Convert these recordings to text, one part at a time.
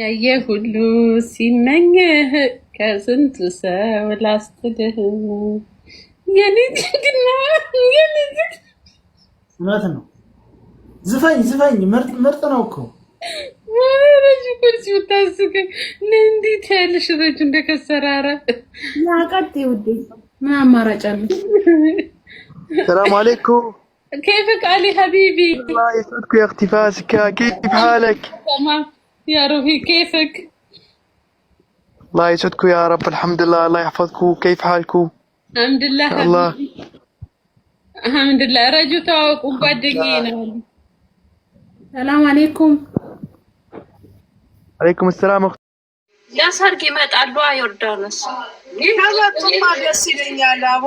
ያየ ሁሉ ሲመኝህ ከስንቱ ሰው ላስትልህ እውነት ነው። ዝፈኝ ዝፈኝ፣ ምርጥ ነው እኮ ረጅ ኮርሲ ብታስቅ እንዴት ያለሽ ረጅ እንደከሰራረ ናቀጥ ውዴ፣ ምን አማራጭ አለ? ሰላም አሌይኩም كيفك علي حبيبي الله يسعدك يا اختي يا روحي كيفك؟ الله يسعدكم يا رب الحمد لله الله يحفظكم كيف حالكم؟ الحمد لله الله الحمد لله ረጁ ተዋወቁ ጓደኛዬ ነው። ሰላም አለይኩም አለይኩም ሰላም። ለሰርግ ይመጣሉ ዮርዳኖስ። ይመጡማ ደስ ይለኛል። አቦ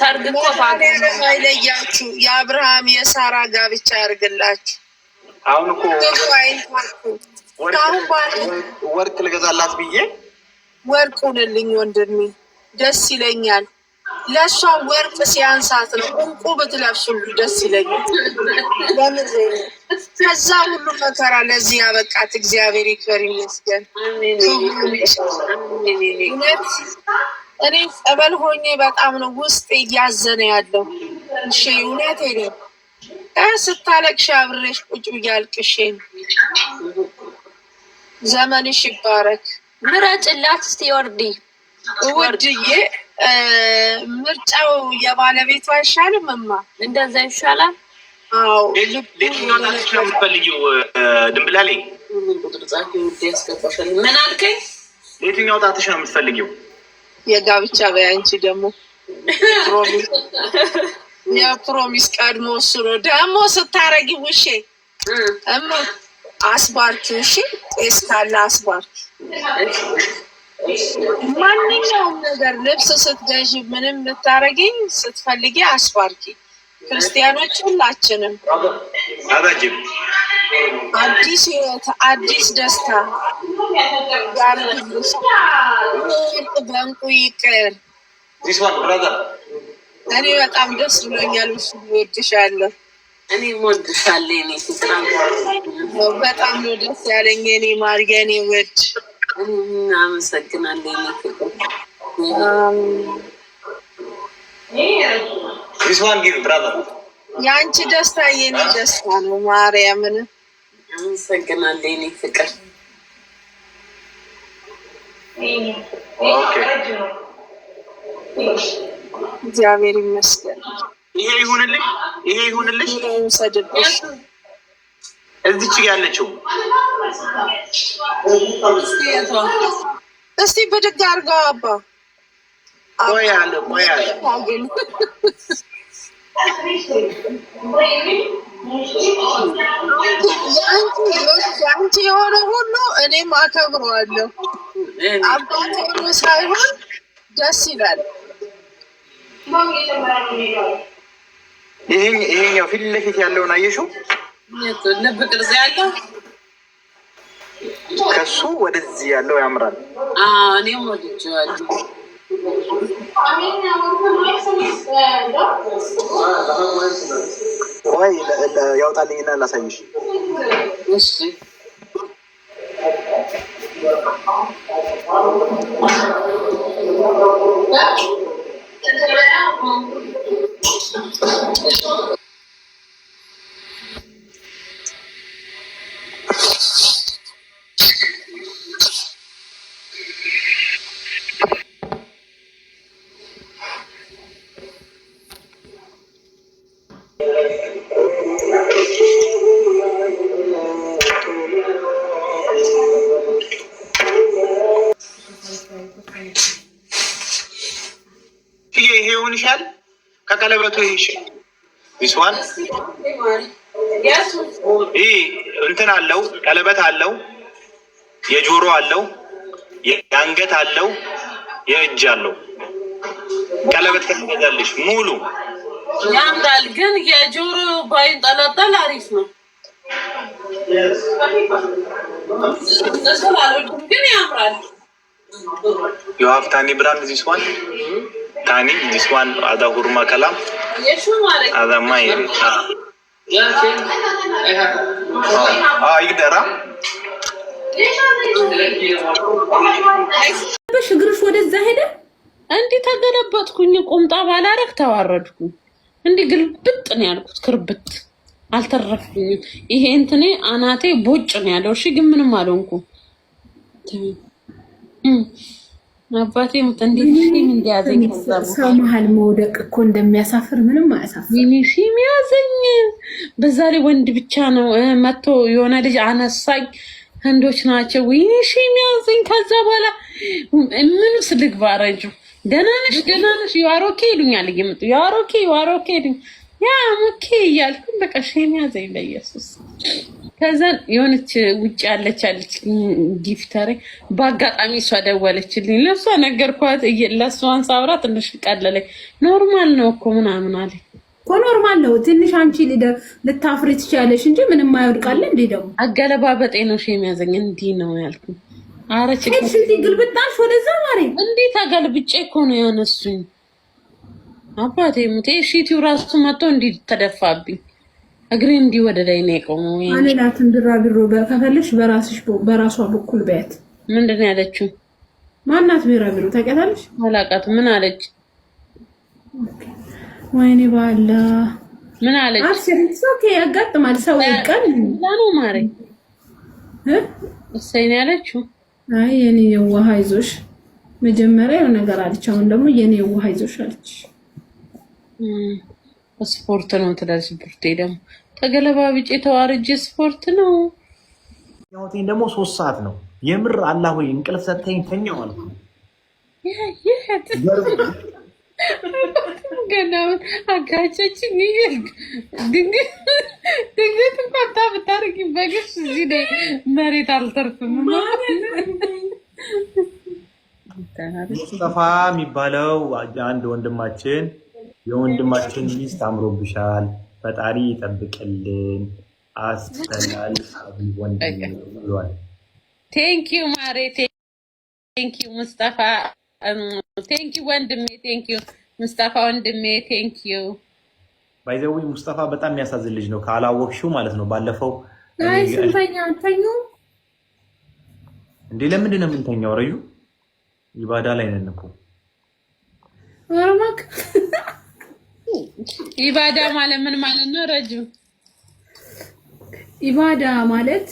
ሰርግ እኮ ባይለያችሁ፣ የአብርሃም የሳራ ጋብቻ ያድርግላችሁ። አሁን እኮ ወርቅ ልገዛላት ብዬ ወርቅ ሁንልኝ ወንድሜ፣ ደስ ይለኛል። ለእሷ ወርቅ ሲያንሳት ነው እንቁ ብትለብሱልኝ ደስ ይለኛል። ከዛ ሁሉ መከራ ለዚህ ያበቃት እግዚአብሔር ይክበር ይመስገን። እኔ ጸበል ሆኜ በጣም ነው ውስጥ እያዘነ ያለው። እሺ እውነት ነው። ስታለቅሽ አብሬሽ ቁጭ ብዬ አልቅሼ ነው። ዘመንሽ ይባረክ። ምረጭላት እስቲ ወርዲ ውድዬ። ምርጫው የባለቤቷ አይሻልም? እማ እንደዛ ይሻላል። የምትፈልጊው ድንብላሌ ምን አልከኝ? የትኛው ጣትሽ ነው የምትፈልጊው? የጋብቻ በይ አንቺ ደግሞ የፕሮሚስ ቀድሞ እሱ ነው ደግሞ ስታረጊ ውሼ እማ አስባርኪ ውሼ ጤስ ካለ አስባርኪ ማንኛውም ነገር ልብስ ስትገዢ ምንም ልታረጊ ስትፈልጊ አስባርኪ ክርስቲያኖች ሁላችንም አዲስ ህይወት አዲስ ደስታ ጋር በእንቁ ይቅር እኔ በጣም ደስ ብሎኛል። እሱ እወድሻለሁ፣ እኔ እወድሻለሁ። እኔ በጣም ነው ደስ ያለኝ። እኔ ማርያ፣ እኔ ወድ እናመሰግናለን። የአንቺ ደስታ የኔ ደስታ ነው። ማርያምን አመሰግናለሁ። እኔ ፍቅር ኦኬ እግዚአብሔር ይመስገን። ይሄ ይሁንልኝ፣ ይሄ ይሁንልሽ። ሰድብሽ እዚች ያለችው እስቲ ብድግ አርጋ አባ ቆያለ ቆያለ አንቺ የሆነ ሁሉ እኔም አከብረዋለሁ። አባት ሆኖ ሳይሆን ደስ ይላል። ይሄኛው ፊት ለፊት ያለውን አየሽው? ልብ ቅርጽ ያለው ከሱ ወደዚህ ያለው ያምራል። እኔም ወድጄዋለሁ። ወይ ያውጣልኝና ላሳይሽ። እሺ ይሄ ይሆንሻል። ከቀለበቱ ይሻል ይህ እንትን አለው፣ ቀለበት አለው፣ የጆሮ አለው፣ የአንገት አለው፣ የእጅ አለው። ቀለበት ከተገዛልሽ ሙሉ ያምራል፣ ግን የጆሮ ባይንጠለጠል አሪፍ ነው። ግን ያምራል። ታኒ ብራንድ ዚስ ዋን ታኒ ዚስ ዋን አዳ ሁርማ ከላም የሹ ማለት አዳ ማይ አ ይደራ እግርሽ ወደዛ ሄደ። እንዲህ ተገለበጥኩኝ። ቁምጣ ባላረግ ተዋረድኩኝ። እንዲህ ግልብጥ ነው ያልኩት። ክርብት አልተረፍኝም። ይሄ እንትኔ አናቴ ቦጭ ነው ያለው። እሺ ግን ምንም አልሆንኩም። አባቴ እንዲሽም እንዲያዘኝ ሰው መሀል መውደቅ እኮ እንደሚያሳፍር ምንም አያሳፍር። ይኒሽም ያዘኝ። በዛ ላይ ወንድ ብቻ ነው መጥቶ የሆነ ልጅ አነሳኝ። ህንዶች ናቸው። ይኒሽም ያዘኝ። ከዛ በኋላ ምን ውስጥ ደህና ነሽ ደህና ነሽ ዩአሮኬ ይሉኛል እየመጡ ዩአሮኬ ዩአሮኬ ይሉኝ ያ ሙኬ እያልኩኝ በቃ ሸሚያ ዘይ በኢየሱስ ከዛ የሆነች ውጭ ያለች አለች ጊፍተሬ በአጋጣሚ እሷ ደወለችልኝ። ለእሷ ነገርኳት። ለእሷን ሳብራ ትንሽ ቀለለኝ። ኖርማል ነው እኮ ምናምን አለ እኮ ኖርማል ነው። ትንሽ አንቺ ልታፍሪ ትችያለሽ እንጂ ምንም አይወድቃለ። እንዲ ደግሞ አገለባበጤ ነው ሸሚያዘኝ እንዲህ ነው ያልኩኝ። አረ ችግር ግልብጣ ገልብጬ እኮ ነው ያነሱኝ። አባቴ ሙቴ ሺቲው ራሱ መጥቶ እንዲህ ተደፋብኝ። እግሬ እንዲህ ወደ ላይ ነው የቆመው። አሌላትን ድራቢሮ ከፈለሽ በራስሽ በራሷ በኩል በያት። ምንድን ነው ያለችው? ማናት? ቢራቢሮ ታውቂያታለሽ? አላውቃት። ምን አለች? ወይኔ ባላ ምን አለች? አርሴሪክስ ኦኬ፣ ያጋጥማል። ሰው ይቀል ላኑ ማሪ እሰይ ነው ያለችው። አይ የኔ የዋህ አይዞሽ መጀመሪያ የሆነ ነገር አለች። አሁን ደግሞ የኔ ውሃ ይዞሽ አለች። ስፖርት ነው ትላለች። ብርቴ ደግሞ ተገለባብጬ ተዋርጅ ስፖርት ነው ያወቴን ደግሞ ሶስት ሰዓት ነው። የምር አላህ ወይ እንቅልፍ ሰጥተኝ ተኛው አልኩ። ገና አጋጨችኝ። ድንገት እንኳን ብታርጊ በግስ እዚህ መሬት አልተርፍም። ማለት ሙስጠፋ የሚባለው አንድ ወንድማችን የወንድማችን ሚስት አምሮብሻል፣ ፈጣሪ ይጠብቅልን፣ አስተናል ብሏል። ቴንኪዩ ማሬ፣ ቴንኪዩ ሙስጠፋ፣ ቴንኪዩ ወንድሜ፣ ቴንኪዩ ሙስጠፋ ወንድሜ፣ ባይዘዊ። ሙስጠፋ በጣም የሚያሳዝን ልጅ ነው፣ ካላወቅሽው ማለት ነው። ባለፈው ስንተኛ እንዴ? ለምንድን ነው የምንተኛው? ረዩ ኢባዳ ላይ ነን እኮ ኢባዳ ማለት ምን ማለት ነው? ረጁ ኢባዳ ማለት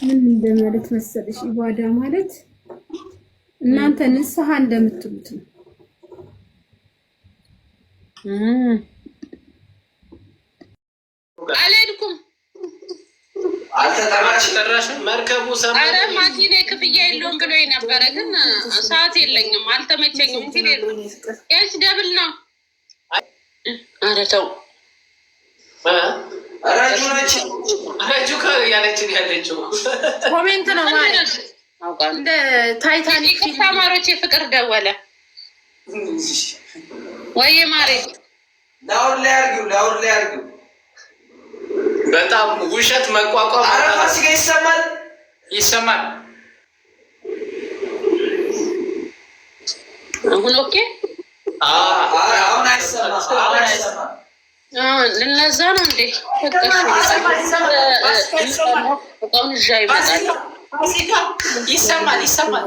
ምን እንደማለት መሰለሽ? ኢባዳ ማለት እናንተ ንስሐ እንደምትሉት ነው። አልሄድኩም አልተጠራሽም። መርከቡ ኧረ ማቲኔ ክፍያ የለውም ብሎ የነበረ ግን ሰዓት የለኝም አልተመቸኝም። እንትን የለውም ያንቺ ደብል ነው። ኧረ ተው ረጁ ያለችን ያለችው ኮሜንት ነው ማለት እንደ ታይታኒክ ተማሪዎች የፍቅር ደወለ ወይ ማሬ ዳውድ ላይ አድርጊው፣ ዳውድ ላይ አድርጊው በጣም ውሸት መቋቋም አረፋሲ ጋር ይሰማል ይሰማል። አሁን ኦኬ። አሁን ነው እንዴ በጣም እዣ ይመጣል። ይሰማል ይሰማል ይሰማል።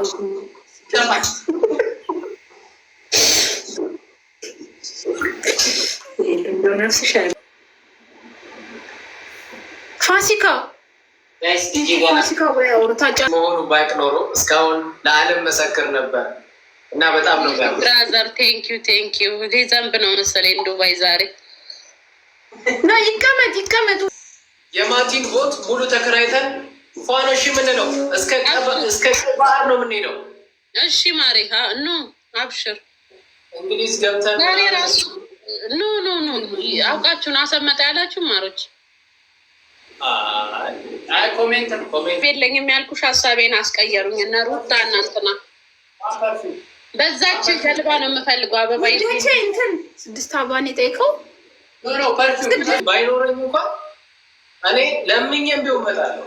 ፋሲካ ፋሲካ መሆኑ ባቅ ኖሮ እስካሁን ለዓለም መሰክር ነበር እና በጣም ነው ብራዘር። ቴንኪዩ ቴንኪዩ። ዘንብ ነው መሰለኝ ዱባይ ዛሬ ና ይቀመጥ ይቀመጡ። የማቲን ቦት ሙሉ ተከራይተን ፋኖሺ ምን ነው እስከ ባህር ነው ምን ነው እሺ ማሬ ኖ አብሽር እንግሊዝ ገብተን ዛሬ ራሱ ኖ ኖ ኖ አውቃችሁን አሰመጠ ያላችሁ ማሮች ኮሜንት ኮሜንት የለኝም ያልኩሽ ሀሳቤን አስቀየሩኝ። እነ ሩታ እናንትና በዛች ጀልባ ነው የምፈልገው። አበባ ልጆቼ እንትን ስድስት አበባን የጠይቀው ባይኖረኝ እንኳን እኔ ለምኝም ቢሆን እመጣለሁ።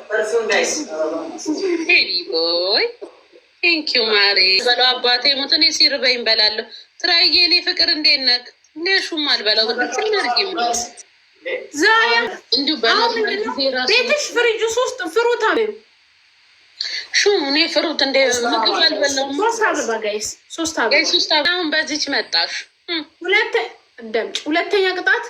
ቴንኪዩ ማሬ በለው አባቴ ሙት እኔ ሲርበኝ እበላለሁ። ትራዬ እኔ ፍቅር እንዴት ነህ? እንዴት ሹም አልበላው ትናርጊ ቤትሽ ፍሪጅ ውስጥ ፍሩት አለ እኔ ፍሩት እንደ ምግብ አልበላሁም። ሶስት አበባ አሁን በዚች መጣሽ። ሁለተኛ ቅጣት